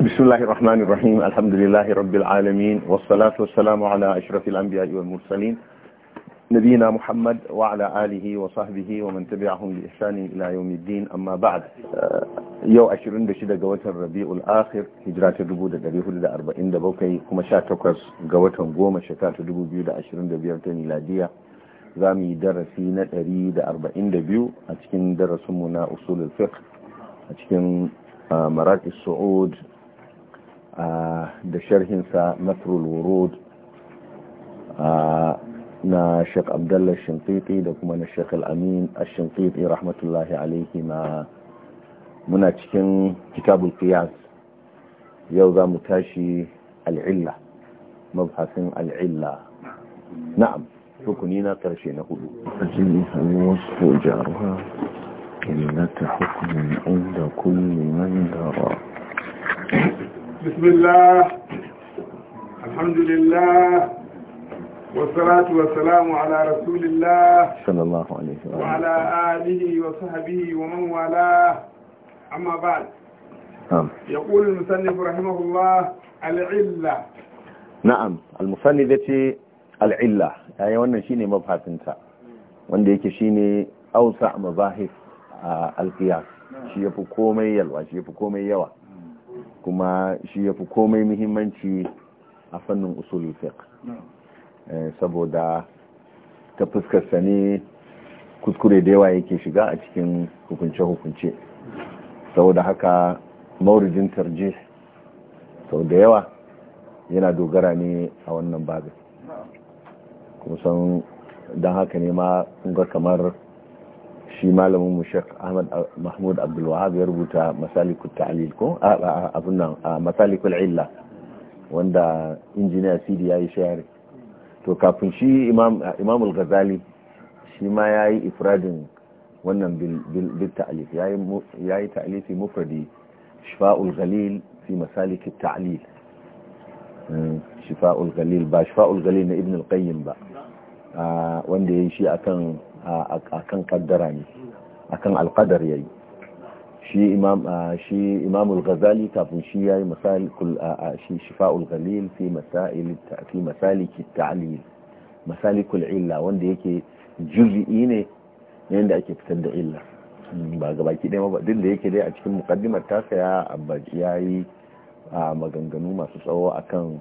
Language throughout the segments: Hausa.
بسم الله الرحمن الرحيم الحمد لله رب العالمين والصلاة والسلام على أشرف الأنبياء والمرسلين نبينا محمد وعلى آله وصحبه ومن تبعهم بإحسان إلى يوم الدين أما بعد يو أشرين بشدة قوات الربيع الآخر هجرات الربو دا دريه دا أربعين دا بوكي كما شاتوكس قوات قوم شكات الربو بيو دا أشرين دا بيرتين ميلادية زامي درسي نتري دا أربعين دا بيو أتكين درسمنا أصول الفقه أتكين مراكز السعود da sharhinsa nasrul wurud na Sheikh Abdullah Shintiti da kuma na Sheikh al a Ash-Shintiti rahmatullahi alayhi ma muna cikin kitabul qiyas yau za mu tashi al-illa mabhasin al-illa na'am rukuni na karshe na hudu ajini hal wasfu jarha illata hukmun inda kulli man dara بسم الله الحمد لله والصلاة والسلام على رسول الله صلى الله عليه وسلم وعلى آله وصحبه ومن والاه أما بعد نعم يقول المصنف رحمه الله العلة نعم المصنف يتي العلة يعني وانا شيني مبحث انت وانا يكي شيني أوسع مظاهر القياس شي يفو كومي يلوى شي يفو كومي يوى kuma shi ya fi komai muhimmanci a fannin usulul eh, saboda ta fuskarsa ne kuskure da yawa yake shiga a cikin hukunce-hukunce saboda haka maurijin tarje sau da yawa yana dogara ne a wannan babin kusan don haka ne ma ga kamar shi malamin mu Sheikh Ahmad Mahmud Abdul Wahab ya rubuta Masalikul Ta'lil ko abun nan Masalikul Illa wanda injiniya Sidi yi share to kafin shi Imam Imam Al-Ghazali shi ma yayi ifradin wannan bil ta'alif, yayi yayi ta'lifi mufradi Shifa'ul Ghalil fi Masalikul Ta'lil hmm, Shifa'ul Ghalil ba Shifa'ul Ghalil na Ibn Al-Qayyim ba wanda yi shi akan akan kan kaddara ne a kan yayi shi imamul ghazali kafin shi ya yi shi shifa'ul ghalil fi masaliki ta'lil masalikul illa wanda yake juri'i ne yadda ake fitar da illa ba baki ɗaya ba duk da yake dai a cikin mukaddimar tasa ya maganganu masu tsawo akan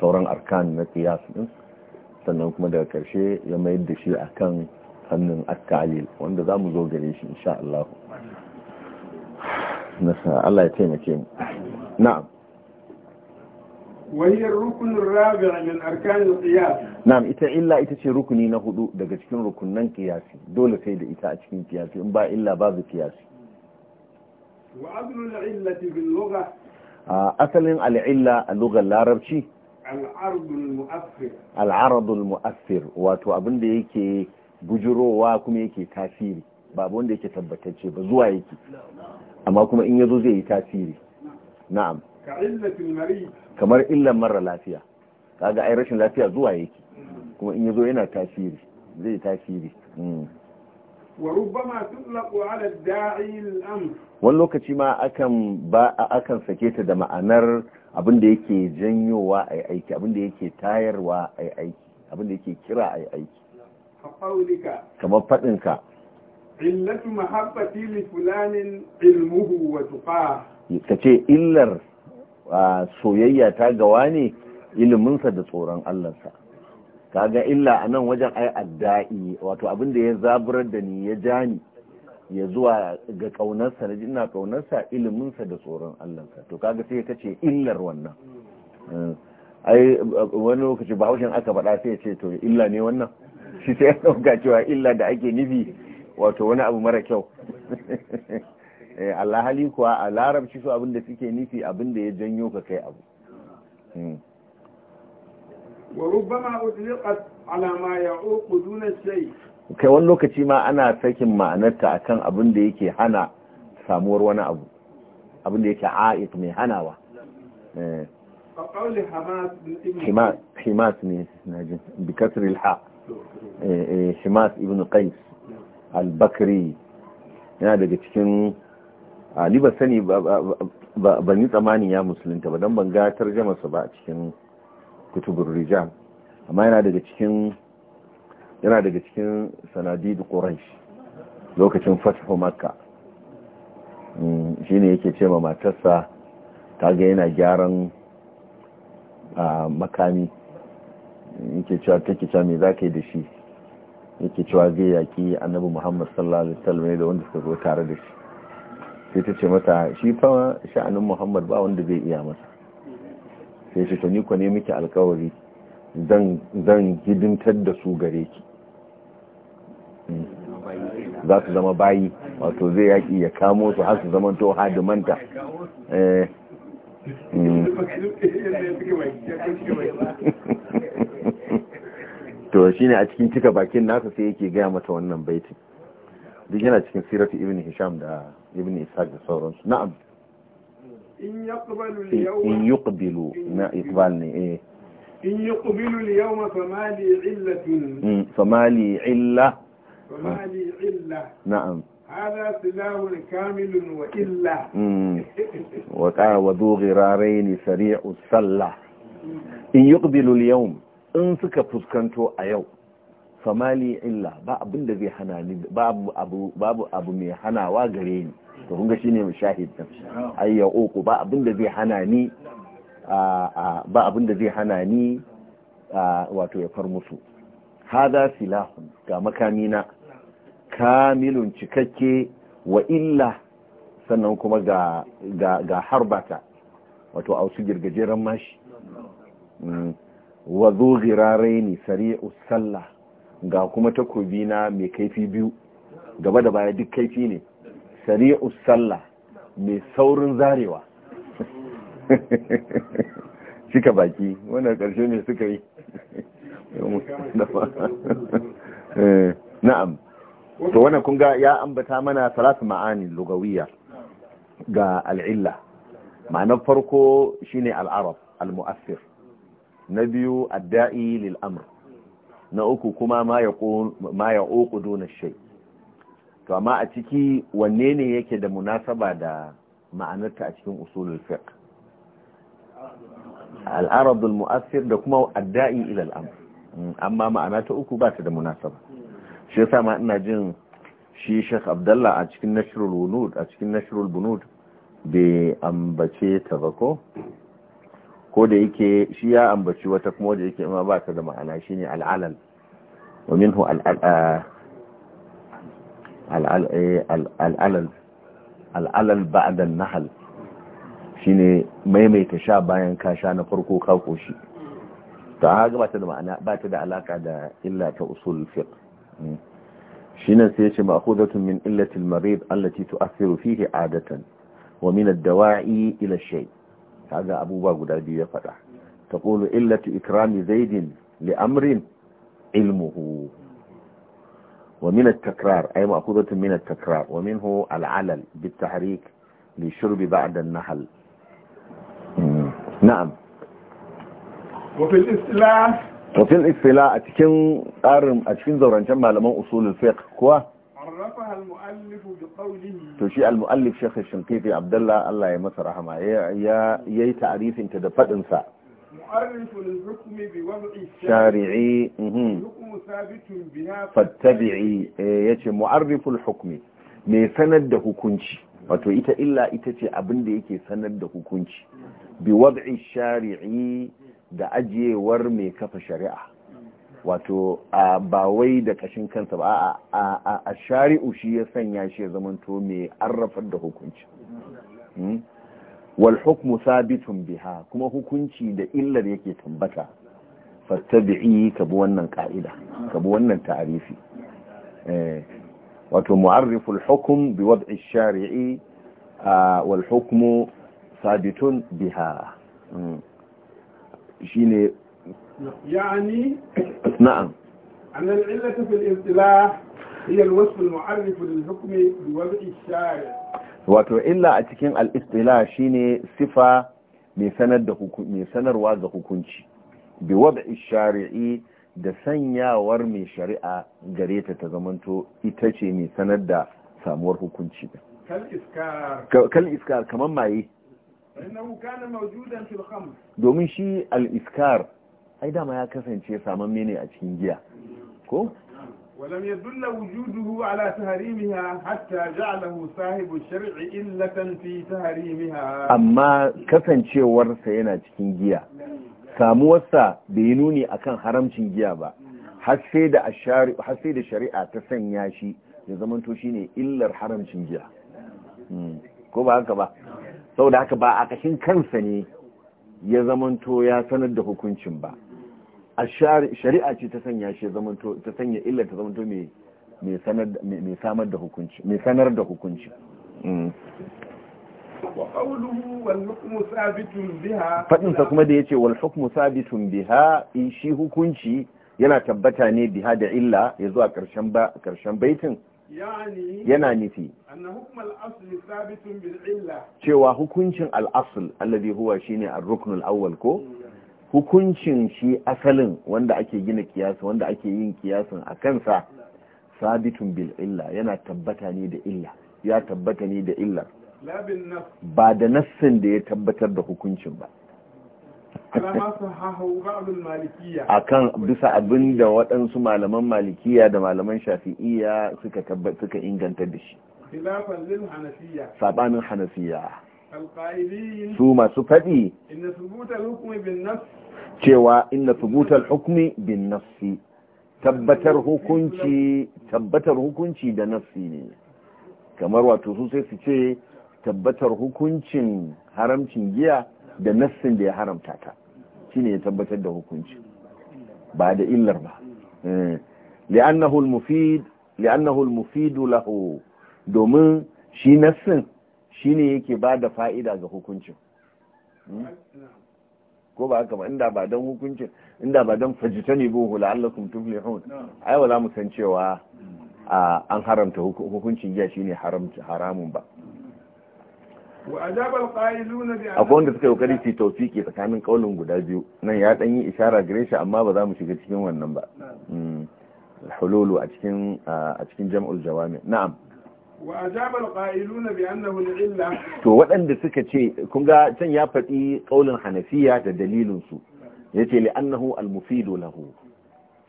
sauran arkan na qiyas sannan kuma daga karshe ya mayar da shi a kan hannun alkalil wanda za mu zo gare shi insha Allah Allah ya taimake mu na'am wani rukunin rabi min arkan qiyas na'am ita illa ita ce rukuni na hudu daga cikin rukunan kiyasi dole sai da ita a cikin kiyasi in ba illa babu kiyasi. wa asalin al illa a lugar larabci al'aradul mu'affir wato abin da yake bujurowa kuma yake tasiri ba wanda yake tabbatacce ba zuwa yake amma kuma in yazo zai yi tasiri na'am kamar illan mara lafiya kaga ai rashin lafiya zuwa yake kuma in yazo yana tasiri zai tasiri hmm. wani lokaci ma akan ba akan sake ta da ma'anar abin da yake janyowa a aiki abin da yake tayarwa a aiki abin da yake kira a aiki kamar faɗinka illatu mahabbati li fulanin ilmuhu wa tuqa ce illar soyayya ta gawa ne iliminsa da tsoron Allah sa kaga illa a nan wajen ai adda'i wato abin da ya zaburar da ni ya jani ya zuwa ga kaunarsa na ina kaunarsa iliminsa da tsoron allansa to kaga sai ya ce illar wannan eh, ai wani lokaci haushin aka faɗa sai ya ce to illa ne wannan shi sai ya ɗauka cewa illa da ake nufi wato wani abu mara kyau eh, alhali kuwa a larabci su abin da suke nufi abin da ya janyo ka kai abu hmm. وربما أطلقت على ما يعوق دون الشيء kai wani lokaci ma ana sakin ma'anarta akan abin da yake hana samuwar wani abu abin da yake ha'ik mai hanawa eh. himas ne najin bikasar ilha eh, eh, himas ibn qais al-bakri yana daga cikin ba sani ba ni tsamanin ya musulunta ba don ban gatar jamarsa ba a cikin kutubur rijal amma yana daga cikin yana daga cikin sanadid quraish lokacin fathu makka mm, shine yake ce ma matarsa ga yana gyaran makami yake cewa take cewa me zakai da shi yake cewa zai yaki annabi Muhammad sallallahu alaihi wasallam da wanda suka zo tare da shi sai ta ce mata shi fa sha'anin Muhammad ba wanda zai iya masa sai shi to ni ne miki alkawari zan hidimtar da su gare ki za su zama bayi wato zai yaki ya kamo su har su zama eh. hmm. to hadimanta to shine a cikin cika bakin nasa sai yake gaya mata wannan baitin duk yana cikin siratu ibn hisham da ibn isaac da sauransu na'am إن in yuqbilu na iqbal إن يقبل اليوم فما لي علة فما لي علة فما لي علة نعم هذا سلاح كامل وإلا وقع وذو غرارين سريع السلة إن يقبل اليوم إن سكا فسكنتو أيو فما لي إلا باب الذي حناني باب أبو, باب أبو مي حنا وغريني to kun ga shine mushahid din ai ya uku ba abinda zai hana ni ba abinda zai hana ni wato ya far musu hada silahun ga makami na kamilun cikakke wa illa sannan kuma ga ga harbata wato a wasu girgajeren mashi mm. wa zo giraraini sari'u sallah ga kuma takobi na mai kaifi biyu gaba da baya duk kaifi ne Sari'u sallah mai saurin zarewa cika baki wanda karshe ne suka yi na'am to wannan kun ya ambata mana salatu ma'ani lugawiyya ga al'illa ma'anar farko shine al'arab al-mu'assir na biyu adda'i lil amr na uku kuma ma ya uku dona shai to amma a ciki wanne ne yake da munasaba da ma'anarta a cikin usulul fiqh al'arab al-mu'assir da kuma adda'i ila al-amr mm, amma ma'ana ta uku ba ta da munasaba shi yasa ma ina jin shi Sheikh Abdullah a cikin Nashrul Wunud a cikin Nashrul Bunud bai ambace ta ba ko ko da yake shi ya ambaci wata kuma da yake ma ba ta da ma'ana shine al-alal wa minhu al al'alal ba'adan nahal shine maimaita sha bayan ka sha na farko ka shi ta haga ba ta da ma'ana ba ta da alaka da illa ta usul fiqh shine sai yace ma'khudatun min illati al-marid allati tu'athiru fihi adatan wa min ad-dawa'i ila shay kaga abubuwa guda biyu ya fada taqulu illatu ikrami zaidin li amrin ilmuhu ومن التكرار أي مأخوذة من التكرار ومنه العلل بالتحريك للشرب بعد النحل نعم وفي الاصطلاح وفي الاصطلاح أتكين أرم أتكين زوران جمع لما أصول الفقه كوا عرفها المؤلف بقوله تشيء المؤلف شيخ الشنقيطي عبد الله الله يمسى رحمه يا يا تعريف انت دفت انسان ومؤرف الحكم بوضع الشارعي الحكم mai sanar da hukunci wato ita illa ita ce abin da yake sanar da hukunci bi wad'i shari'i da ajiyewar mai kafa shari'a wato ba wai da kashin kansa ba a shari'u shi ya sanya shi ya zamanto mai arrafar da hukunci wal hukmu sabitun biha kuma hukunci da illar yake tambata fattabi'i ka bi wannan ka'ida ka bi wannan ta'arifi eh, wato mu'arriful hukum bi wad'i shari'i wal hukmu sabitun biha hmm. shine yani na'am an al'illatu fil istilah hiya al-wasf al-mu'arrif lil hukmi bi wad'i shari'i wato illa a cikin al'istila shine sifa mai sanarwa ga hukunci bi wad'i shari'i da sanyawar mai shari'a gare ta ta zamanto ita ce mai sanar da samuwar hukunci kal iskar kamar maye domin shi al-iskar ai dama ya kasance saman mene a cikin giya ko ولم يدل وجوده على تهريمها حتى جعله صاحب الشرع إلة في تهريمها أما كفن شوار سينا تكنجيا samuwarsa bai nuni akan haramcin giya ba har sai da shari'a ta sanya shi ya zamanto shine illar haramcin giya ko ba haka ba saboda haka ba a kashin kansa ne ya zamanto ya sanar da hukuncin ba shari'a ce ta sanya shi zamanto ta sanya illa ta zamanto mai mai samar da hukunci mai sanar da hukunci mm. faɗinsa kuma da yace ce wal hukmu sabitun biha shi hukunci yana tabbata ne biha da illa ya zuwa karshen baitin yana nufi cewa hukuncin al'asul allazi huwa shine ar-ruknul awwal ko mm. hukuncin shi asalin wanda ake gina kiyasa wanda ake yin kiyasin a kansa sabitun bil illa yana tabbata ne da illa ya tabbata ne da illa ba da nassin da ya tabbatar da hukuncin ba a kan bisa abin da waɗansu malaman malikiya da malaman shafi'iya suka inganta da shi saɓanin hanafiya su masu faɗi cewa inna subutal hukumi bin nafsi tabbatar hukunci tabbatar hukunci da nafsi ne kamar wato su sai su ce tabbatar hukuncin haramcin giya da nassin da ya haramta ta shine ya tabbatar da hukunci ba da illar ba eh. li'annahu al-mufid li'annahu al-mufid lahu domin shi nassin shine yake ba da fa'ida ga hukuncin hmm? ko ba haka ba inda ba don hukuncin inda ba don fajita ne buhu la'allakum tuflihun ai ba za mu san cewa an haramta hukuncin giya shine haramun ba akwai wanda suka yi kokari fi taufiki tsakanin kaunin guda biyu nan ya dan ishara gare shi amma ba za mu shiga cikin wannan ba hmm. hululu a cikin a cikin jam'ul jawami na'am وأجاب القائلون بأنه العلة to waɗanda suka ce kun ga can ya faɗi ƙaulin hanafiya da dalilinsu su yace li annahu al mufidu lahu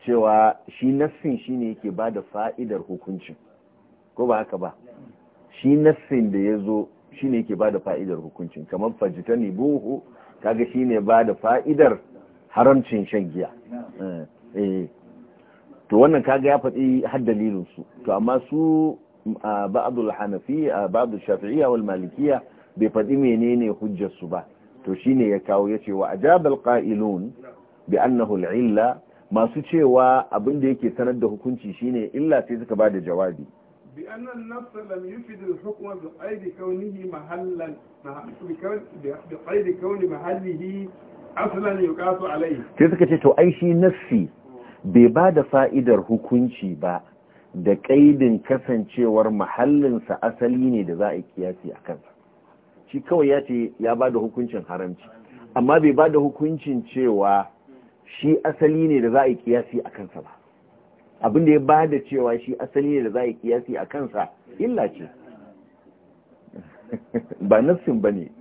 cewa shi nassin shine yake bada fa'idar hukuncin ko ba haka ba shi nassin da ya yazo shine yake bada fa'idar hukuncin kamar fajitani buhu kaga shine bada fa'idar haramcin shan giya eh, eh. to wannan kaga ya faɗi har dalilin to amma su ba'd al-hanafiyya ba'd al-shafi'iyya wal malikiyya bai faɗi menene hujjar su ba to shine ya kawo yace wa ajaba al-qa'ilun bi annahu al-illa masu cewa abin da yake sanar da hukunci shine illa sai suka bada jawabi بأن النص لم يفد الحكم بقيد كونه محلا بقيد كون محله أصلا يقاس عليه sai suka ce to ai shi nassi bai ba da fa'idar hukunci ba da kaidin kasancewar mahallinsa asali ne da za a kiyasi a kansa shi kawai ya ce ya ba da hukuncin haramci amma bai ba da hukuncin cewa shi asali ne da za a kiyasi a kansa ba abinda ya ba da cewa shi asali ne da za a kiyasi a kansa illa ce ba nafsin ba ne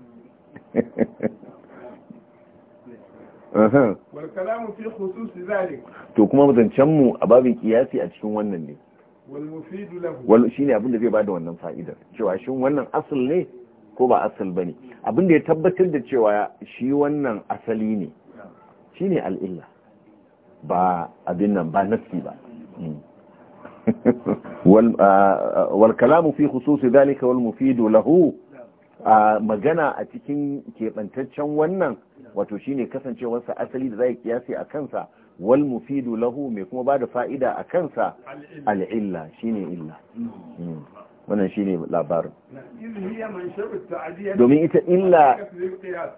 to kuma mu a babin kiyasi a cikin wannan ne wal ne abin da zai bada wannan fa'idar cewa shin wannan asal ne ko ba asal bane abin da ya tabbatar da cewa shi wannan asali ne Shi ne al'illa ba abin nan ba nassi ba hmm. wal kalamu fi khususi dalika wal mufidu lahu magana a cikin keɓantaccen wannan wato shi ne kasancewarsa asali da za yi kiyasi a kansa wal mufidu lahu mai kuma ba da fa'ida a kansa al'illa shine illa hmm. wannan shine labarin domin ita illa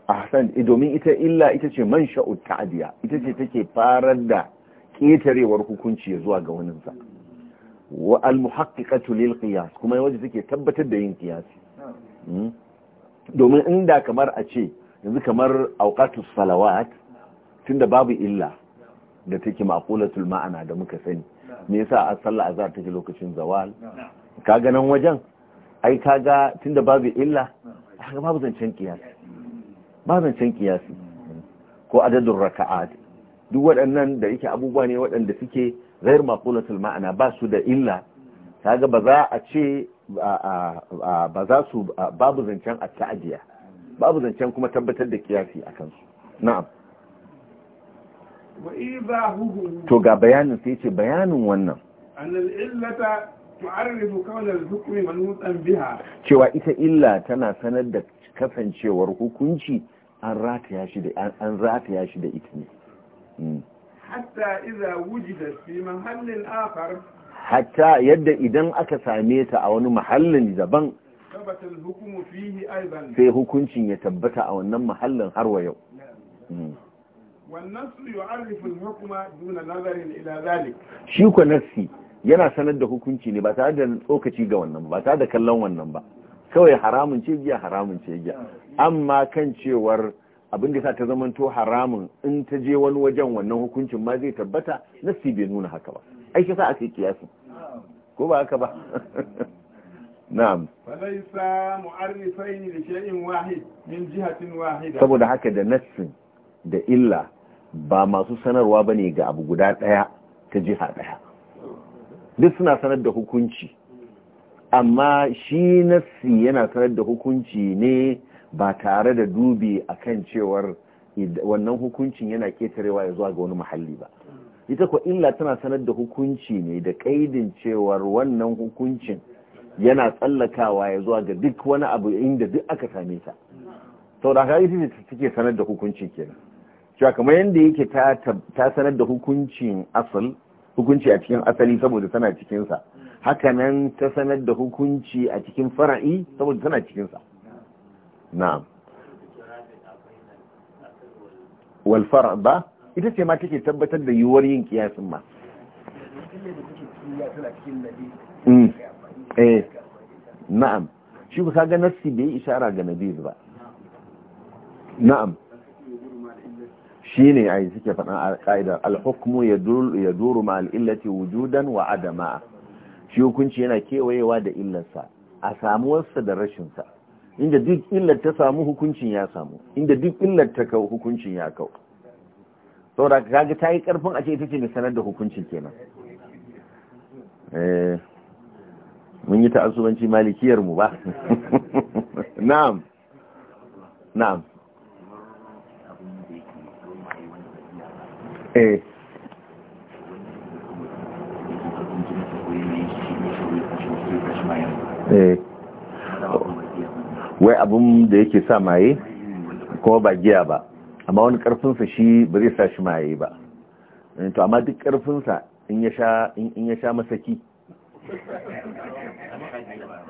ahsan eh, domin ita illa ita ce man mansha'ut ta'diya ita ce take farar da ƙetarewar hukunci zuwa ga waninsa wa al-muhaqqiqatu lil qiyas kuma waje take tabbatar da yin qiyasi hmm. domin inda kamar a ce yanzu kamar auqatus salawat tunda babu illa da take maqulatul ma'ana da muka sani me yasa a sallah azhar take lokacin zawal kaga nan wajen ai kaga tunda babu illa kaga babu zancen kiyasi babu zancen kiyasi ko adadin raka'at duk waɗannan da yake abubuwa ne waɗanda suke ghair maqulatul ma'ana ba su da illa kaga ba za a ce ba za su babu zancen at babu zancen kuma tabbatar da kiyasi akan su na'am to ga bayanin sai ce bayanin wannan cewa ita illa tana sanar da kasancewar hukunci an rataya shi da an rataya shi da ita ne hmm. hatta idza wujida fi mahallin akhar hatta yadda idan aka same ta a wani mahallin daban sai hukuncin ya tabbata a wannan mahallin har wa yau shi ku nassi yana sanar da hukunci ne ba tare da tsokaci ga wannan ba tare da kallon wannan ba kawai haramun ce giya haramun ce giya amma kan cewar abin da sa ta zamanto haramun in ta je wani wajen wannan hukuncin ma zai tabbata nassi bai nuna haka ba ai ka sa aka yi kiyasi ko ba haka ba na'am falaisa mu'arrifain li shay'in wahid min jihatin wahida saboda haka da nassin da illa ba masu sanarwa ba ne ga abu guda ɗaya ta jiha ɗaya duk suna sanar da hukunci amma shi nassi yana sanar da hukunci ne ba tare da dubi a kan cewar wannan hukuncin yana ketarewa ya zuwa ga wani muhalli ba ita ko illa tana sanar da hukunci ne da kaidin cewar wannan hukuncin yana tsallakawa ya zuwa ga duk wani abu inda duk aka same ta sau da haka ita take sanar da hukuncin kenan cewa kamar yadda yake ta sanar da hukuncin asal hukunci a cikin asali saboda tana cikinsa haka nan ta sanar da hukunci a cikin fara'i saboda tana cikinsa na'am wal ba ita ce ma take tabbatar da yiwuwar yin kiyasin ma mm. eh. na'am shi ku ga nassi bai ishara ga nabi ba na'am shi ne a suke faɗin a ƙa'idar alhukmu ya duru ma al'illati wujudan wa adama shi hukunci yana kewayewa da illarsa a samuwarsa da rashinsa inda duk illar ta samu hukuncin ya samu inda duk illar ta kau hukuncin ya kau saboda kaga ta yi karfin a ce ita ce mai sanar da hukuncin kenan eh, mun yi ta'assubanci malikiyar mu ba na'am na'am Eh. Eh. wai abun da yake sa maye kuma ba giya ba amma wani karfinsa shi ba zai sa shi maye ba eh, to amma duk karfinsa in ya sha masaki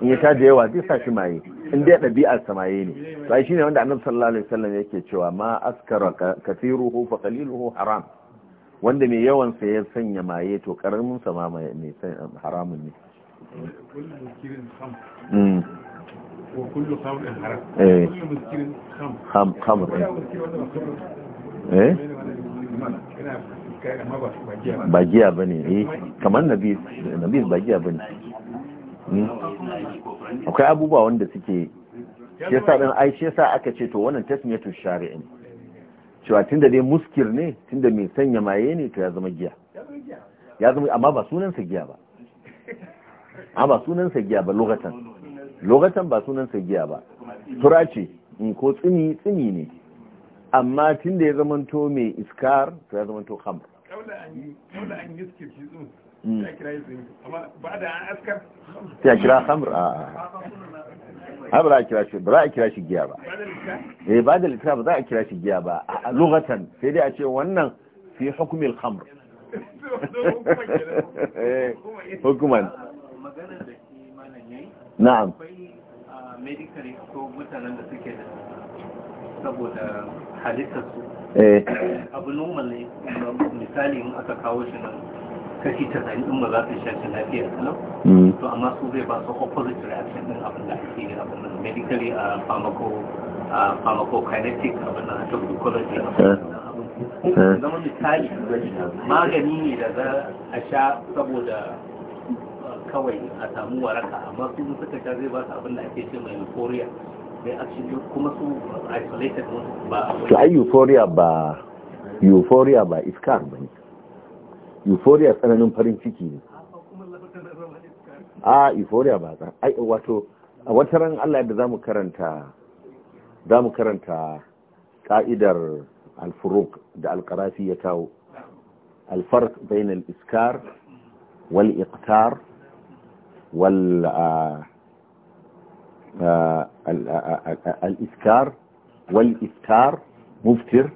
in ya sha da yawa zai sa shi maye in dai ɗabi'ar samaye ne to ai shine wanda annabi sallallahu alaihi wasallam yake cewa ma askara kathiruhu fa qaliluhu haram wanda mai yawan sa ya sanya maye to karamin sa ma mai haramun ne hmm. eh. Eh. Eh? ba ne eh kamar ba ne hmm. akwai abubuwa wanda suke shi yasa ɗin ai shi yasa aka ce to wannan tasmiyatu shari'in cewa tunda dai muskir ne tunda mai sanya maye ne to ya zama giya ya zama amma ba sunansa giya ba amma ba sunansa giya ba lokatan lokatan ba sunansa giya ba tura ce in ko tsini tsini ne amma tunda ya zamanto mai iskar to ya zamanto khamr ta hmm. kira ai ba za a kira shi ba za a kira shi giya ba eh ba da littaf za a kira shi giya ba a lugatan sai dai a ce wannan fi hukumil khamr eh, hukuman na'am medical eh. ko mutanen da suke da saboda halittarsu abu normal ne misali in aka kawo shi nan kashi tasari in ba za su sha shi lafiya kalau mm. to amma su zai ba su opposite reaction din abin da ake abin da medically a uh, pharmaco a uh, pharmacokinetic abin nan a toxicology zama misali magani ne da za a sha saboda uh, kawai a samu waraka amma su suka sha zai ba su abin da ake ce mai euphoria kuma su isolated ba to ai euphoria ba euphoria ba iskar ba ne euphoria tsananin farin ciki ne a euphoria ba ta ai wato a wata ran Allah yadda zamu karanta zamu karanta ka'idar al-furuq da al-qarafi ya kawo al-farq bayna al-iskar wal iqtar wal al-iskar wal iftar muftir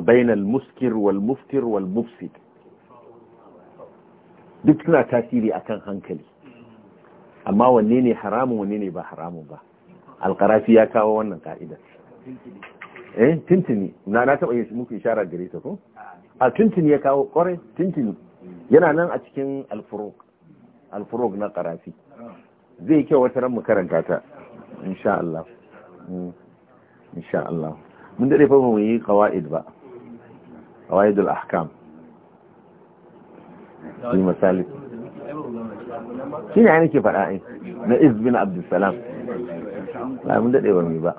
بين المسكر wal والمفسد duk suna tasiri a kan hankali amma wanne ne haramun wanne ne ba haramun ba alkarafi ya kawo wannan ka'idar eh tintini na na taba yin muku isharar gare ta ko a tintini ya kawo kore tintini yana nan a cikin alfuruk alfuruk na karafi zai kyau wata ran mu karanta ta insha Allah insha Allah من دري فهموا هي قواعد بقى قواعد الأحكام في مسالك شنو يعني كيف رأي نئذ بن عبد السلام لا من دري فهموا بقى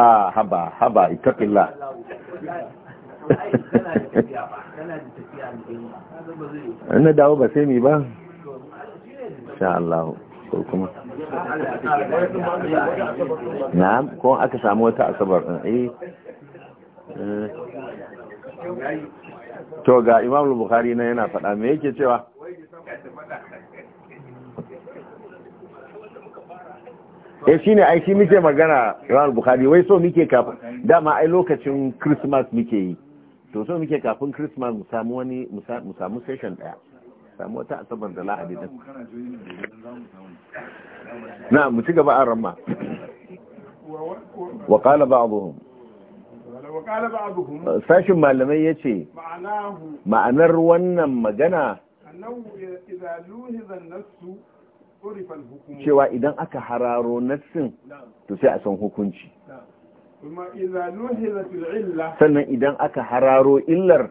آه حبا حبا اتق الله انا بقى ان شاء الله ko kuma na ko aka samu wata asabar din eh to ga imam bukhari na yana fada me yake cewa eh shine ai shi muke magana imam bukhari wai so muke kafa dama ai lokacin christmas muke yi to so muke kafin christmas mu samu wani mu samu session daya samu wata asabar da lahadi din na mu gaba an ramma wa ba ba'dhum uh, sashin malamai ya ce ma'anar wannan magana cewa idan aka hararo nassin to sai a san hukunci sannan idan aka hararo illar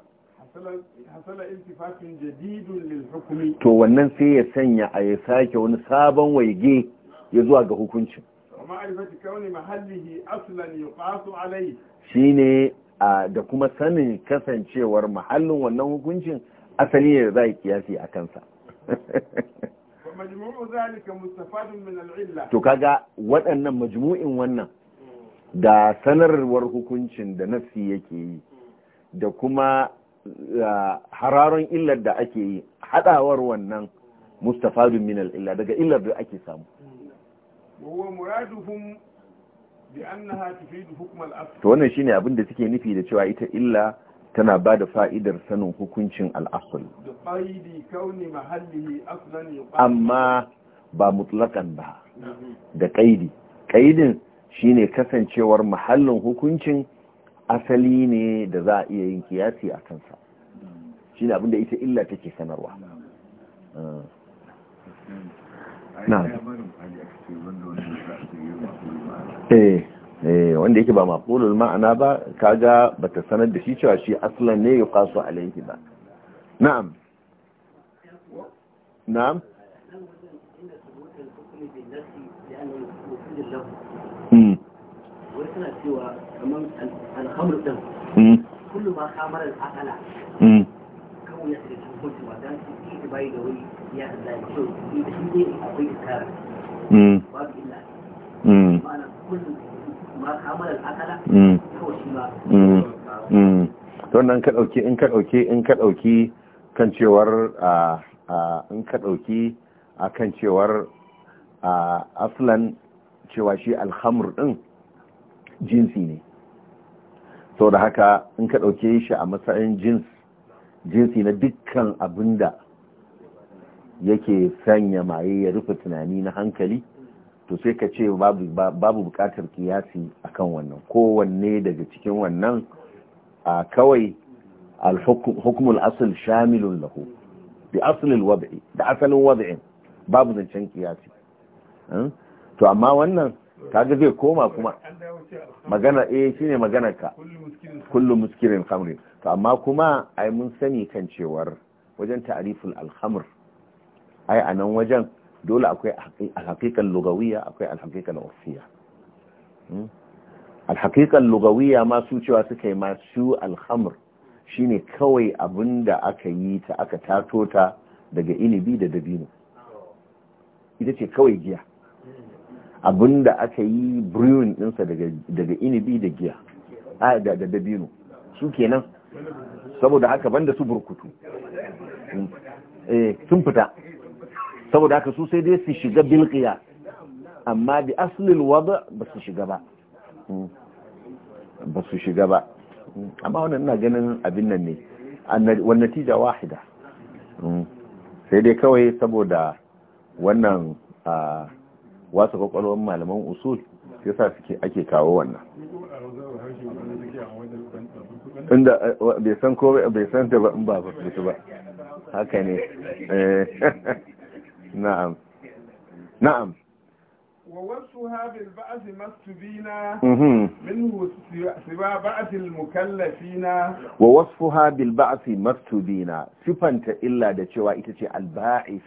to wannan sai ya sanya a ya sake wani sabon waige ya zuwa ga hukuncin shi ne da kuma sanin kasancewar mahallin wannan hukuncin asali ne za a kiyasi a kansa to kaga waɗannan majmu'in wannan da sanarwar hukuncin da nafsi yake yi da kuma hararon illar da ake yi hadawar wannan bin minal illa daga illar da ake samu to wannan shine abin da suke nufi da cewa ita illa tana ba da fa'idar sanin hukuncin al'asul amma ba mutlakan ba da ƙaidi ƙaidin shine kasancewar mahallin hukuncin asali ne da za a iya yin kiyasi a kansa shi ne abinda ita illa take sanarwa eh, eh, wanda yake ba maƙulul ma'ana ba kaga ba ta sanar da shi cewa shi aslan ne ya kwaso alaihi ba na'am na'am suna cewa kamar alhamur din mm. kullu ma kamar al'akala mm. kawo ya da cikin kwanci ba don su yi bayi da wuri ya da zai kyau da shi ne akwai iskara mm. babu illa ma'ana kullu ma kamar al'akala kawo shi ba don nan ka ɗauki in ka ɗauki in ka ɗauki kan cewar in ka ɗauki a kan cewar aslan cewa shi alhamur ɗin jinsi ne sau da haka in ka ɗauke shi a matsayin jins jinsi na dukkan abin da yake sanya maye ya rufe tunani na hankali to sai ka ce babu bukatar kiyasi a kan wannan kowanne daga cikin wannan a kawai hukumul asul shamilun lahu bi asalin wad'i da asalin wad'in babu zancen kiyasi hmm? to amma wannan kaga zai koma kuma magana eh shine maganar ka kullu muskirin khamrin to amma kuma ai mun sani kan cewar wajen ta'riful alhamr ai anan wajen dole akwai alhaqiqan lugawiyya akwai alhaqiqan urfiyya hmm? alhaqiqan lugawiyya ma su cewa suka yi ma su alhamr shine kawai da aka yi ta aka tato ta daga inibi da dabino ita ce kawai giya abinda aka yi brewing dinsa daga inibi da giya a da dabino su kenan saboda haka banda su burkutu eh, sun fita saboda haka su sai dai su shiga bilkiya amma bi asalin wada ba su shiga ba hmm. ba su shiga ba hmm. amma wannan na ganin abin nan ne wani natija wahida hmm. sai dai kawai saboda wannan ah, wasa kwakwalwar malaman usul ya sa suke ake kawo wannan inda eh, bai san ko bai san da ba ba su ba haka ne eh, na'am na'am wasu habil ba'azi mastubina min mm-hmm. siwa ba'azi mukallafina wa wasu habil ba'azi mastubina sifanta illa da cewa ita ce alba'is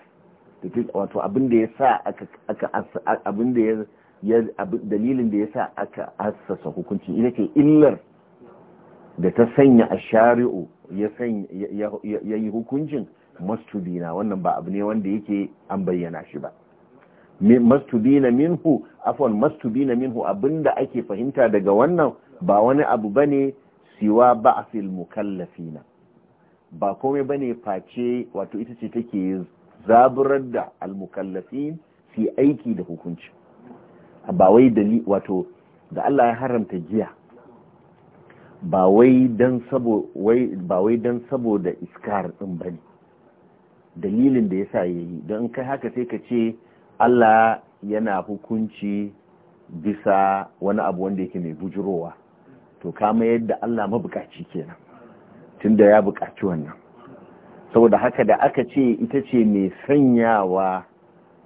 wato abinda ya sa aka abinda ya dalilin da ya sa aka assasa hukunci ita ce illar da ta sanya a shari'u ya yi hukuncin mastubina wannan ba abu ne wanda yake an bayyana shi ba mastubina minhu afon mastubina minhu abinda ake fahimta daga wannan ba wani abu bane siwa ba'sil mukallafina ba komai bane face wato ita ce take zaburar da almukallafin fi aiki da hukunci ba wai dali wato da Allah ya haramta giya ba wai dan saboda iskar din bane dalilin da yasa yayi dan kai haka sai ka ce Allah yana hukunci bisa wani abu wanda yake mai bujurowa to kama yadda Allah mabukaci kenan tunda ya bukaci wannan saboda haka da aka ce ita ce mai sanyawa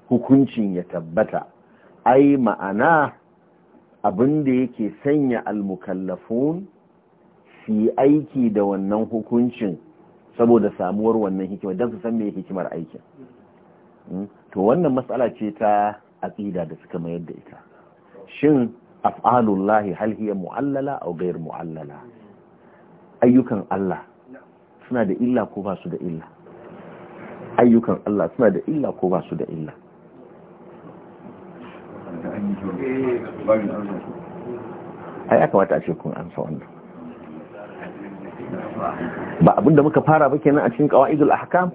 hukuncin ya tabbata ai ma'ana abin da yake sanya almukallafun su yi aiki da wannan hukuncin saboda samuwar wannan hikimar don su san mai hikimar aikin hmm? to wannan matsala ce ta aƙida da suka mayar da ita shin af'alullahi hal hiya mu'allala aw mu'allala ayyukan Allah suna da illa ko ba su da illa ayyukan Allah suna da illa ko ba su da illa a ya kamata a cikin an sa wannan ba abinda muka fara ba kenan a cikin kawa'idul ahkam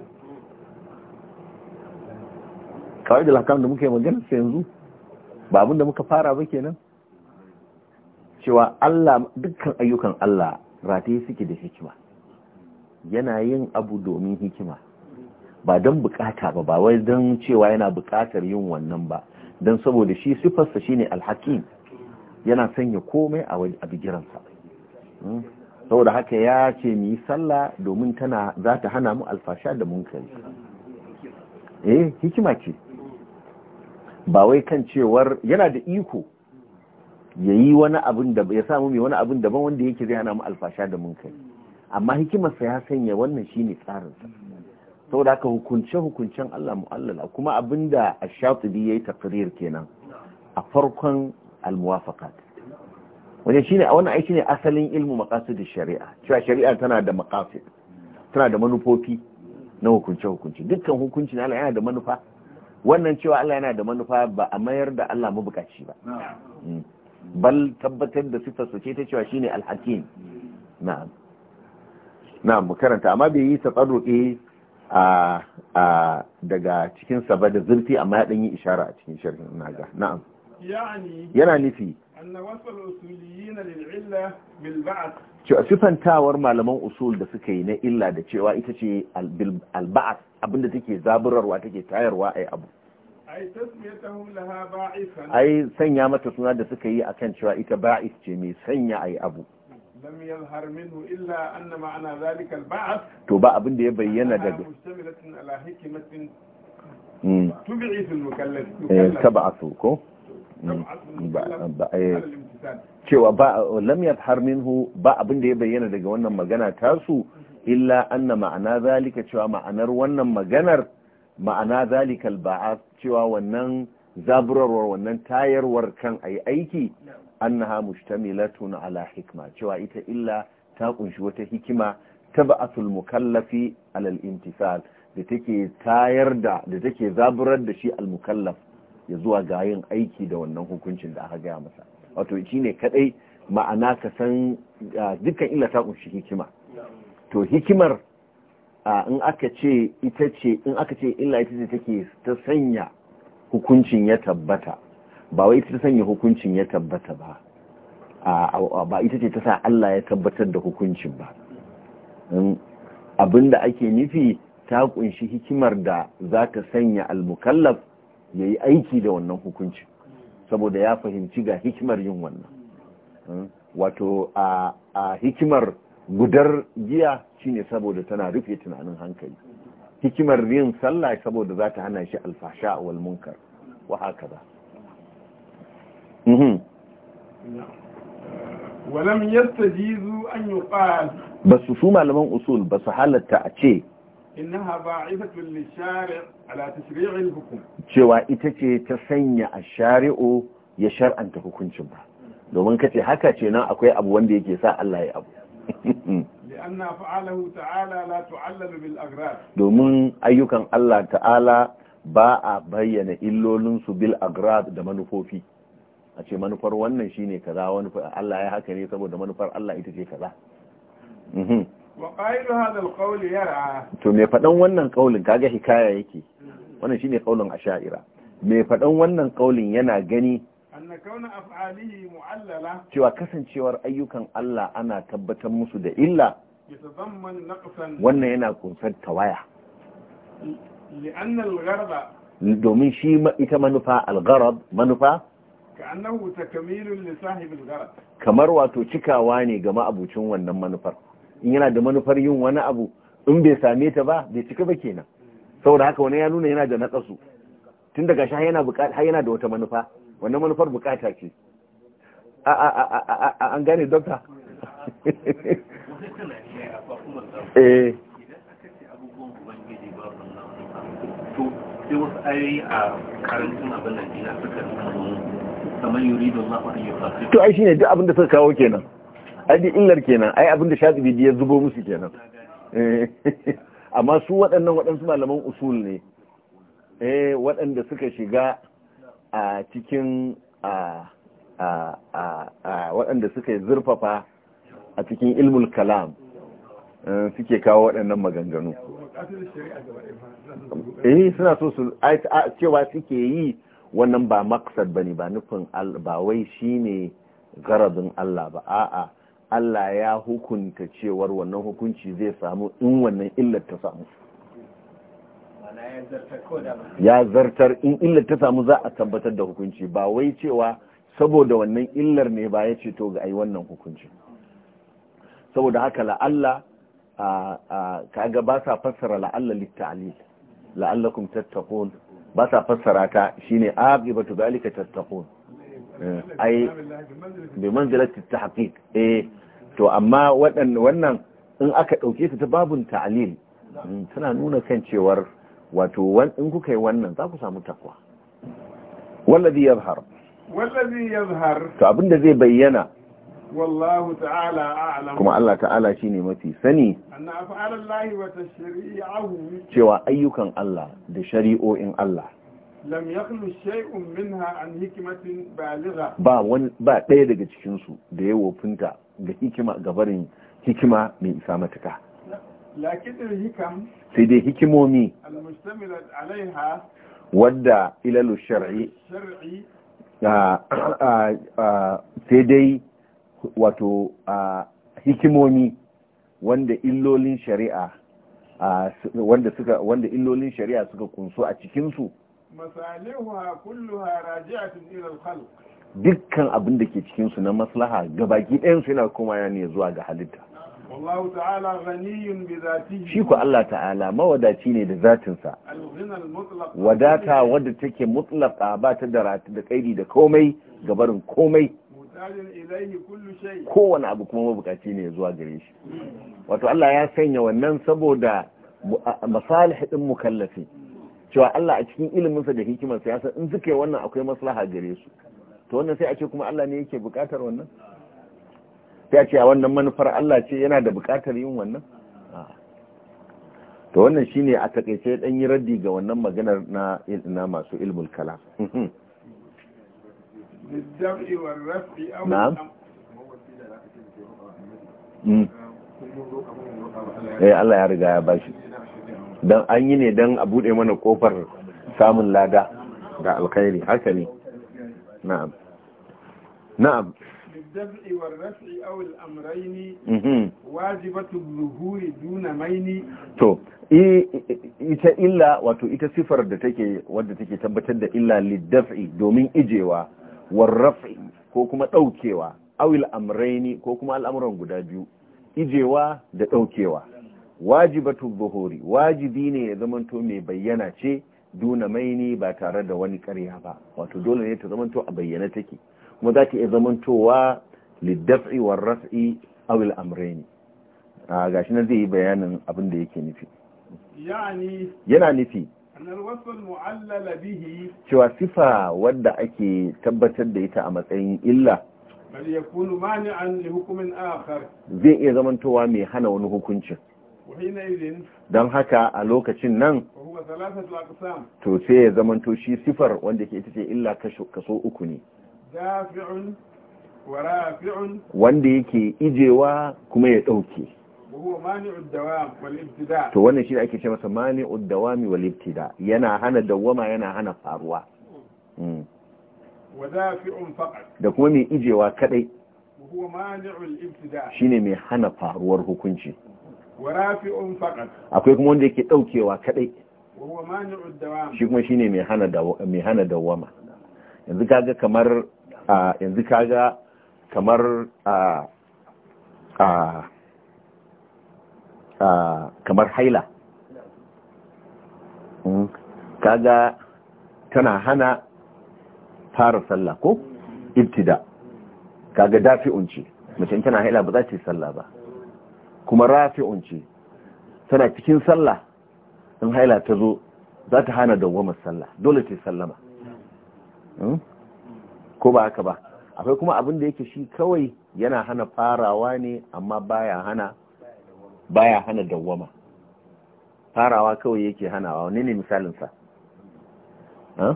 kawa'idul ahkam da muka yi magana sai yanzu ba abinda muka fara ba kenan cewa Allah dukkan ayyukan Allah rataye suke da hikima yana yin abu domin hikima ba don bukata ba ba wai don cewa yana bukatar yin wannan ba don saboda shi sifarsa shine alhakim yana sanya komai a bigiransa hmm? saboda haka ya ce mu yi sallah domin tana za ta hana mu alfasha da munkari eh hikima ce ba wai kan cewar yana da iko ya yi wani abin da ya samu mai wani abin daban wanda yake zai hana mu alfasha da munkari amma hikimarsa ya sanya wannan shine tsarinsa da haka hukunce hukuncen Allah mu'allala kuma abinda ash-shatibi yayi taqrir kenan a farkon al-muwafaqat wanda shine a wannan aiki ne asalin ilmu maqasid shari'a cewa shari'a tana da maqasid tana da manufofi na hukunce hukunci dukkan hukunci na Allah yana da manufa wannan cewa Allah yana da manufa ba a mayar da Allah mabukaci ba hmm. bal tabbatar da sifar ce ta cewa shine al-hakim na'am na mu karanta amma bai yi tsaro a daga cikin sa ba da zurfi amma ya dan yi ishara a cikin sharhin naga na'am yana nufi cewa sifantawar malaman usul da suka yi na illa da cewa ita ce alba'as abinda take zaburarwa take tayarwa ai abu ai sanya mata suna da suka yi akan cewa ita ba'is ce mai sanya ai abu to ba abin da ya bayyana daga تبعث المكلف كو cewa ba lam yadhhar minhu ba abin da ya bayyana daga wannan magana tasu illa anna ma'ana zalika cewa ma'anar wannan maganar ma'ana zalika alba'ath cewa wannan zaburarwar wannan tayarwar kan yi aiki annaha mushtamilatun ala hikma cewa ita illa ta kunshi wata hikima tab'atul mukallafi ala al-imtisal da take tayar da da take zaburar da shi al ya zuwa ga yin aiki da wannan hukuncin da aka gaya masa wato shine kadai ma'ana ka san dukkan illa ta kunshi hikima to hikimar in aka ce in aka ce illa ita ce ta sanya hukuncin ya tabbata ba wai ita ta sanya hukuncin ya tabbata ba ba ita ce ta sa Allah ya tabbatar da hukuncin ba abinda ake nufi ta kunshi hikimar da za ta sanya almukallaf ya yi aiki da wannan hukuncin saboda ya fahimci ga hikimar yin wannan hmm? wato a hikimar gudar giya shine saboda tana rufe tunanin hankali hikimar yin sallah saboda za ta hana shi alfasha wal munkar wa haka ba walam yastajizu an yuqal basu su malaman usul ba su halatta a ce innaha ba'ifatun lishari' ala cewa ita ce ta sanya a shariu ya shar'anta hukuncin ba domin kace haka ce nan akwai abu wanda yake sa Allah ya abu Domin ayyukan Allah Ta'ala ba a bayyana illolinsu bil تعالى da manufofi. a ce manufar wannan shine kaza wani Allah ya haka ne saboda manufar Allah ita ce kaza mhm. wa qailu hadha alqawl yara to me fadan wannan kaulin kaga hikaya yake wannan shine kaulin asha'ira me fadan wannan kaulin yana gani anna kauna af'alihi mu'allala cewa kasancewar ayyukan Allah ana tabbatar musu da illa naqsan. wannan yana kunsar tawaya domin shi ita manufa Al-gharab manufa kamar wato cikawa ne ga ma'abucin wannan manufar in yana da manufar yin wani abu in bai same ta ba bai cika ba kenan saboda haka wani ya nuna yana da nakasu tun daga shi har yana da wata manufa wannan manufar bukata ce an gane dokta eh sai wasu ayoyi a karantun abin nan dina suka nuna to ai shine duk abin suka kawo kenan ai di illar kenan ai abin da shafi ya zubo musu kenan eh. amma su waɗannan waɗansu malaman usul ne eh waɗanda suka shiga a cikin a a a waɗanda suka zurfafa a cikin ilmul kalam eh, suke kawo waɗannan maganganu eh suna so su cewa suke yi wannan ba maksad ne ba nufin ba wai ne garadin Allah ba a'a Allah ya hukunta cewar wannan hukunci zai samu in wannan illar ta samu ya zartar in illar ta samu za a tabbatar da hukunci ba wai cewa saboda wannan illar ne ba ya ce to ga ai wannan hukunci saboda haka la'alla kaga ba sa fassara la'alla litta'alil la'allakum tattaqun ba sa fassara ta shine aqibatu zalika tattaqu eh, ai bi manzilati tahqiq eh to amma wannan in aka dauke ta ta babun ta'lil hmm, tana nuna kan cewar wato in kuka yi wannan za ku samu takwa wallazi yazhar wallazi yazhar to abinda zai bayyana wallahu ta'ala a'lam kuma Allah ta'ala shine mafi sani anna af'alallahi wa tashri'ahu cewa ayyukan Allah da shari'o'in Allah lam yakhlu shay'un minha an hikmatin baligha ba wani ba ɗaya daga cikin su da ya wofinta ga hikima ga barin hikima mai isa matuka lakin hikam sai dai hikimomi almustamila alaiha wadda ilalu shar'i shar'i sai dai wato hikimomi wanda illolin shari'a wanda suka wanda illolin shari'a suka kunsu a cikin dukkan abin da ke cikinsu na maslaha gabaki ɗayan su yana koma ne zuwa ga halitta wallahu shi ko Allah ta'ala mawadaci ne da zatinsa. wadata wadda take mutlaqa ba ta da da kaidi da komai gabarin komai kowane abu kuma mabukaci ne zuwa gare shi wato Allah ya sanya wannan saboda masalih din mukallafi cewa Allah a cikin iliminsa da hikimarsa ya san in suka yi wannan akwai maslaha gare su to wannan sai a kuma Allah ne yake bukatar wannan sai a ce a wannan manufar Allah ce yana da bukatar yin wannan to wannan shine a takaice dan yi raddi ga wannan maganar na na masu ilmul kalam بالدفع والرفع أو نعم eh Allah ya riga ya bashi dan an yi ne dan a bude mana kofar samun lada ga alkhairi haka ne na'am na'am الدفع والرفع أو الأمرين واجبة الظهور دون مين تو ita illa wato ita sifar da take wadda take tabbatar da illa lidaf'i domin ijewa warrafi ko kuma ɗaukewa awil amraini ko kuma al'amuran guda biyu ijewa da ɗaukewa wajibatu zuhuri wajibi ne ya zamanto mai bayyana ce duna maini ba tare da wani ƙarya ba wato dole ne ta zamanto a bayyana take kuma za ta iya zamantowa liddaf'i warrafi awil amraini ga gashi na zai yi bayanin abin da yake nufi yana nufi cewa sifa wadda ake tabbatar da ita a matsayin illa zai iya zamantowa mai hana wani hukuncin don haka a lokacin nan to sai ya zamanto shi sifar wanda ke ita ce illa kaso uku ne wanda yake ijewa kuma ya ɗauke to wannan shi ake ce masa mani'ud dawami wal ibtida yana hana dawama yana hana faruwa hmm. da kuma mai ijewa kadai shine mai hana faruwar hukunci akwai kuma wanda yake daukewa kadai shi kuma shine mai hana mai hana dawama yanzu kaga kamar ah, yanzu kaga kamar a ah, ah, kamar haila hmm? kaga tana hana fara sallah ko ibtida kaga dafi'un ce mace tana haila ba za ta yi sallah ba kuma rafi'un ce tana cikin sallah in haila ta zo za ta hana dawamar sallah dole ta yi sallama hmm? ko ba haka ba akwai kuma abin da yake shi kawai yana hana farawa ne amma baya hana baya hana dawwama farawa kawai yake hanawa wani ne misalinsa hmm?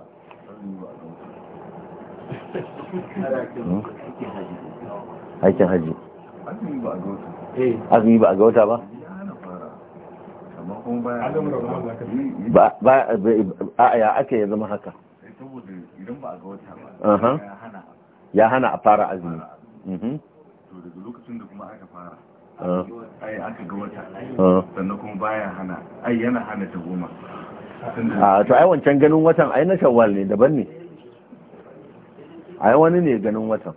aikin haji azumi ba a ga wata ba ba ya aka ya zama haka ya hana a fara azumi mhm. to daga lokacin da kuma aka fara Ah. ai aka ga wata ah. sannan kuma baya hana ai yana hana ta goma a ah, to ai wancan ganin watan ai na shawwal ne daban ne ai wani ne ganin watan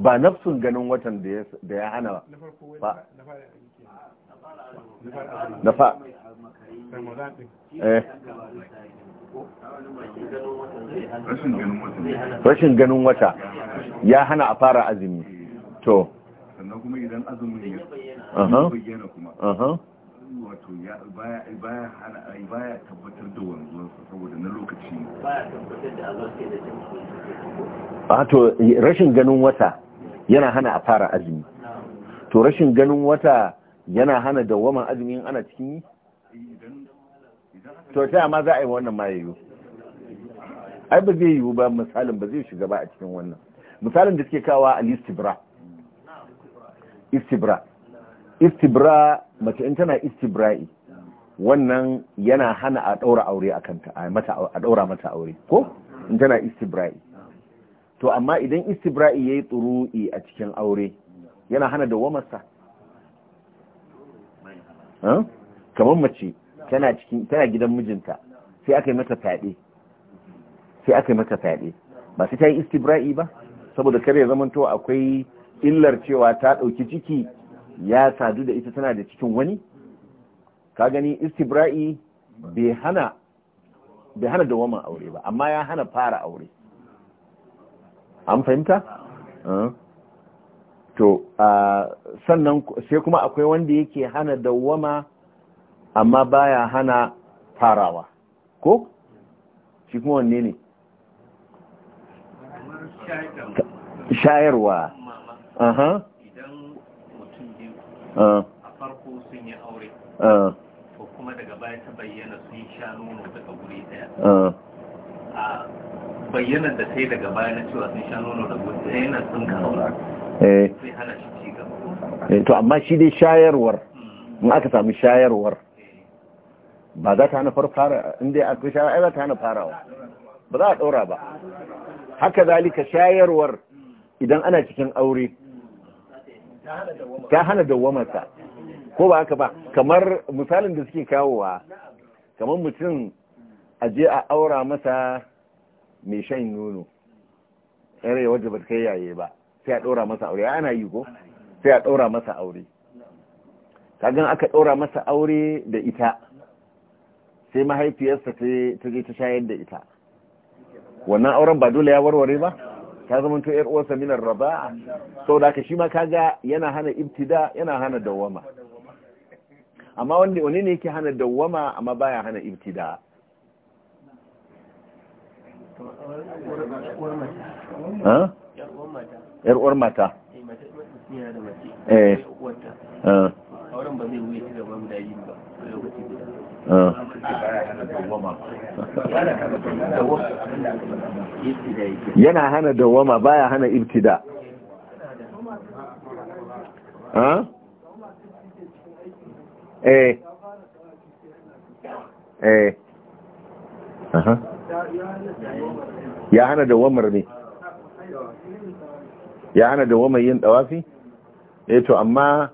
ba nafsun ganin watan da ya hana ba na fa eh. rashin ganin wata ya hana a fara azumi to sannan kuma idan azumin ya bayyana kuma wato baya baya tabbatar da wanzuwarsa saboda na lokaci baya tabbatar da azar to rashin ganin wata yana hana a fara azumi to rashin ganin wata yana hana dawwaman azumi in ana cikin yi to sai amma za a yi wannan ma yayo ai ba zai yiwu ba misalin ba zai shiga ba a cikin wannan misalin da suke kawa a listibra istibra istibra mace in tana istibra'i wannan yana hana a ɗaura aure a kanta a ɗaura mata aure ko in tana istibra'i to amma idan istibra'i yayi yi tsuru'i a cikin aure yana hana da wamasa, kamar mace tana gidan mijinta sai aka yi mata fyaɗe sai aka yi mata fyaɗe ba sai ta yi istibra'i ba saboda kare zamanto akwai illar cewa ta ɗauki ciki ya sadu da ita tana da cikin wani ka gani istibra'i bai hana dawaman aure ba amma ya hana fara aure an fahimta? to sannan sai kuma akwai wanda yake hana dawama amma baya hana farawa ko? shi kuma wanne ne? shayarwa idan mutum biyu ah. a farko sun yi aure ah. to kuma daga baya ta bayyana sun sha nono daga guri daya ah. a bayyanar da sai daga baya na cewa sun sha nono daga guri daya yana sun ka aura sai eh. hana shi ci gaba eh, to amma shi dai shayarwar hmm. in aka samu shayarwar eh. ba za ta hana farfara inda aka shayar ai za ta hana farawa ba za a ɗora ba haka zalika shayarwar hmm. idan ana cikin aure ta hana dawwamarsa ko ba haka ba kamar misalin da suke kawowa kamar mutum a je a aura masa mai shan nono yare wadda ba ta kai yaye ba sai a ɗora masa aure ana yi ko sai a ɗora masa aure kagan aka ɗora masa aure da ita sai mahaifiyarsa ta je ta shayar da ita wannan auren ba dole ya warware ba Ka zama to yar uwarsa minar raba. sau da ka shi ma ga yana hana ibtida yana hana dawwama amma wani ne yake hana dawwama amma baya hana ibtida yar uwar mata eh ba zai wuce da ba yana hana dawama baya hana ibtida eh eh ya hana dawamar ne ya hana dawamar yin dawafi eh to amma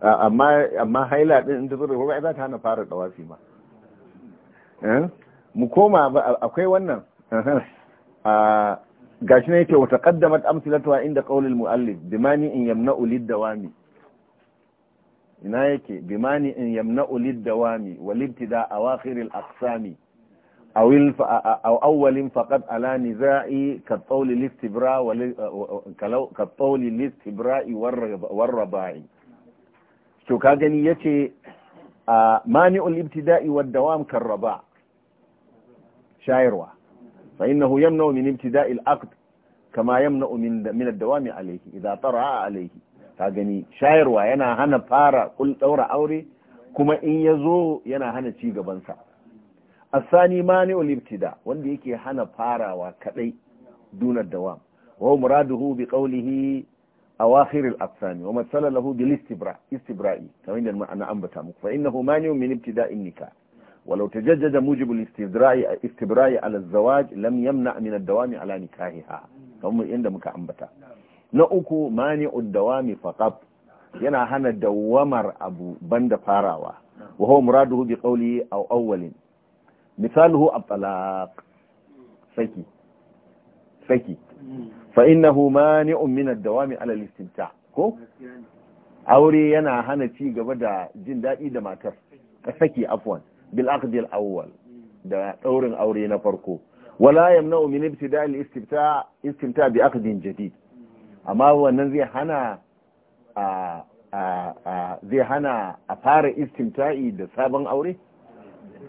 amma amma haila din in ta zo da ruwa za ta hana fara dawafi ma Eh? mu koma akwai wannan gashi ne yake wa taqaddamat amsalatuha inda qawlil muallif bimani in yamna'u lid wami. ina yake bimani in yamna'u lid wami walibtida awakhir a aqsami aksami. aw awwalin faqad ala nizai ka tawli lil-istibra kat-tawli lil-istibra'i war-raba'i to ka gani yace mani'ul ibtida'i wad-dawam karraba shayarwa fa innahu yamna'u min ibtida'i al-aqd kama yamna'u min min ad-dawami alayhi idza tara'a alayhi ka gani shayarwa yana hana fara daura aure kuma in zo yana hana ci gaban sa asani mani'ul ibtida wanda yake hana farawa kadai dunar dawam wa muraduhu bi qawlihi أواخر الأقسام ومثل له بالاستبراء استبرائي كما أن أنبت مك فإنه مانع من ابتداء النكاح ولو تجدد موجب الاستبراء استبراء على الزواج لم يمنع من الدوام على نكاحها kamar inda muka ambata na uku mani dawami faqab yana hana dawamar abu banda farawa wa huwa muraduhu bi qawli aw awwalin misaluhu at-talaq saki saki fa innahu mani'un min ad-dawami ala al-istimta' ko aure yana hana ci gaba da jin dadi da matar saki afwan bil aqdil awwal da daurin aure na farko wala yamna'u min ibtida' al istimta' istimta' bi aqdin jadid amma wannan zai hana a zai hana a fara istimta'i da sabon aure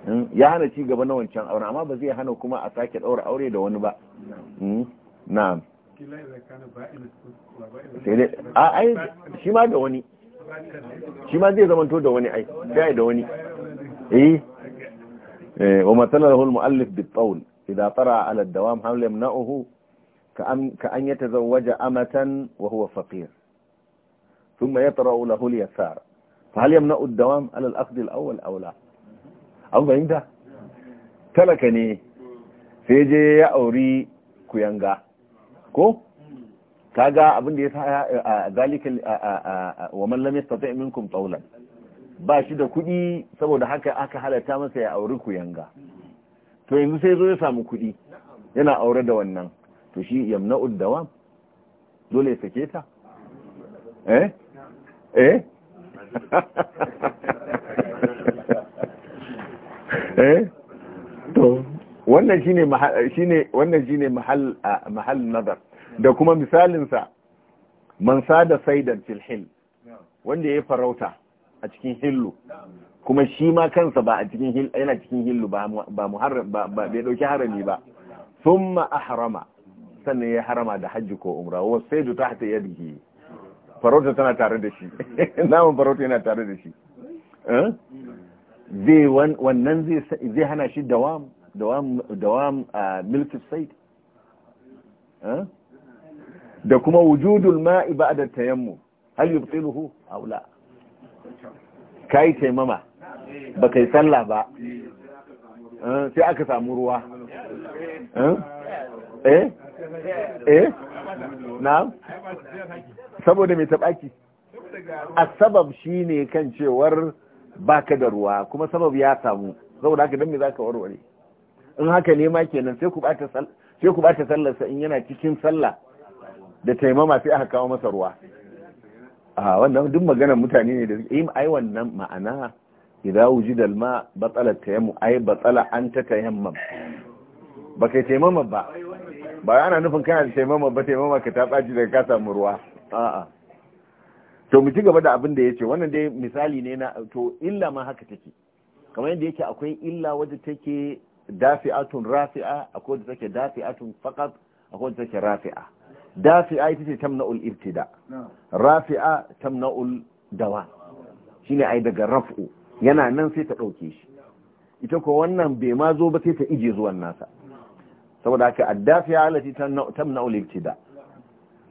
hmm? ya hana ci gaba na wancan aure amma ba zai hana kuma a sake daura aure da wani ba hmm? na'am sai dai ai shi ma da wani shi ma zai zamanto da wani ai sai da wani إيه؟, إيه ومثل له المؤلف بالطول إذا طرأ على الدوام هل يمنعه كأن, كأن يتزوج أمة وهو فقير ثم يطرأ له اليسار فهل يمنع الدوام على الأخذ الأول أو لا أو ضعين talaka ne sai je ya auri kuyanga ko kaga abin da ya sa zalika ba shi da kuɗi saboda haka aka halatta masa ya auri kuyanga to yanzu sai zo ya samu kuɗi yana aure da wannan to shi yamna'ud dawam dole ya sake ta eh eh eh to wannan shine shine wannan shine mahal mahal nazar da kuma misalin sa man sada saidan fil wanda ya farauta a cikin hillu kuma shi ma kansa ba a cikin yana cikin hillu ba muharram ba bai dauki harami ba a harama sannan ya harama da hajji ko umra wa saydu tahta yadihi farauta tana tare da shi namun farauta yana tare da shi eh? zai wannan zai hana shi dawam dawam dawam a milkif site eh? da kuma wujudul ma'i ba'da tayammu hal yubtiluhu aw la ka yi taimama ba kai sallah ba eh, sai aka samu ruwa eh eh, eh? na saboda mai tabaki a sabab shi ne kan cewar baka da ruwa kuma sabab ya samu saboda haka don mai za ka warware in haka ne ma kenan sai ku bata sallarsa in yana cikin sallah da taimama sai aka kawo masa ruwa a wannan duk maganar mutane ne da yi ai wannan ma'ana idan wujida alma batsala tayammum ai batsala an ta tayammum ba kai taimama ba ba yana nufin kana da taimama ba taimama ka ta tsaji daga ka samu ruwa a'a to mu ci gaba da abin da yace wannan dai misali ne na to illa ma haka take kamar yadda yake akwai illa wadda take dafi'atun rafi'a akwai wadda take dafi'atun faqat akwai wadda take rafi'a dafi'a ita ce tamna'ul ibtida rafi'a tamna'ul dawa shine ai daga raf'u yana nan sai ta dauke shi ita ko wannan bai ma zo ba sai ta ije zuwan nasa saboda haka addafi'a allati tamna'ul ibtida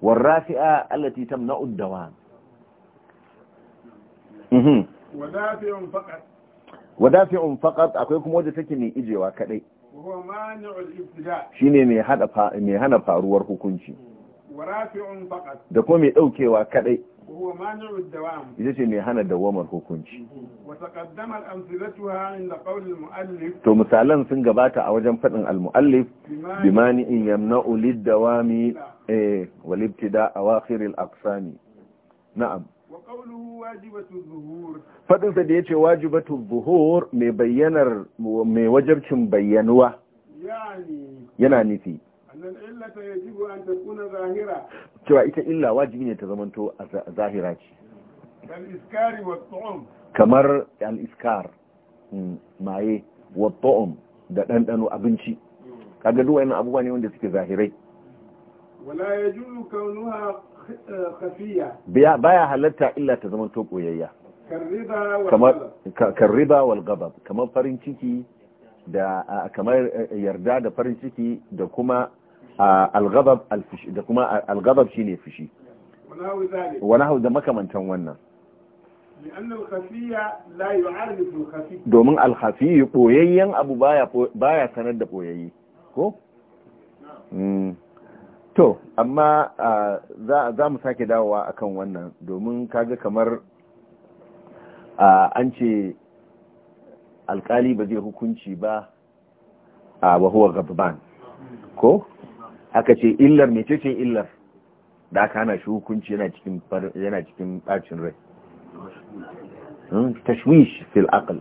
war rafi'a allati tamna'ud dawa mhm wadafi'un faqat faqat akwai kuma wanda take ne ijewa kadai shine mai hana faruwar hukunci da kuma mai daukewa kadai ita ce mai hana dawamar hukunci to misalan sun gabata a wajen faɗin al-mu'allif bimani in yamna ulid dawami eh, walibtida awakhir al-aqsami na'am sa da ya ce wajibatu zuhur mai bayyanar mai wajabcin bayyanuwa yana nufi cewa ita illa wajibi ne ta zamanto a zahira ce kamar al al-iskar hmm, maye wa da ɗanɗano abinci kaga duwa yana abubuwa ne wanda suke zahirai wala ya juru kaunuwa baya halatta illa ta to koyayya kan riba wal gabab kamar farin ciki da kamar eh, yarda da farin ciki da kuma al da kuma al shi ne fushi wa nahu da makamantan wannan domin alhafi ɓoyayyen abu baya sanar da ɓoyayye ko? to amma za mu sake dawowa akan wannan domin kaga kamar an ce alkali ba zai hukunci ba a wahuwa Gabban, ko? aka ce illar mai ce illar da aka hana shi hukunci yana cikin yana cikin bacin rai hmm? tashwish fil aql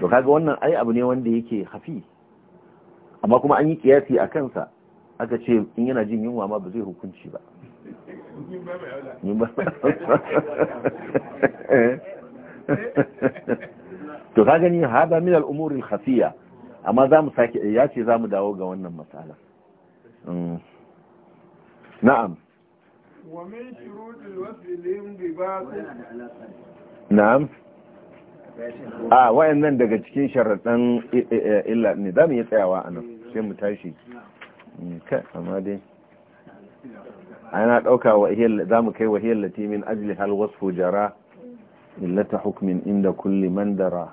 to kaga wannan ai abu ne wanda yake hafi amma kuma an yi kiyasi a kansa aka ce in yana jin yunwa ma ba zai hukunci ba to ka gani hada min al-umuri al-khafiya amma zamu sake ya ce zamu dawo ga wannan matsalar Mm. na'am ومن شروط الوصل الانضباط نعم a ah, wayannan daga cikin sharadan illa ne za mu yi tsayawa a nan sai mu tashi mm, kai amma dai ana ɗauka za mu kai lati min ajli hal wasfu jara ta hukumin inda kulli mandara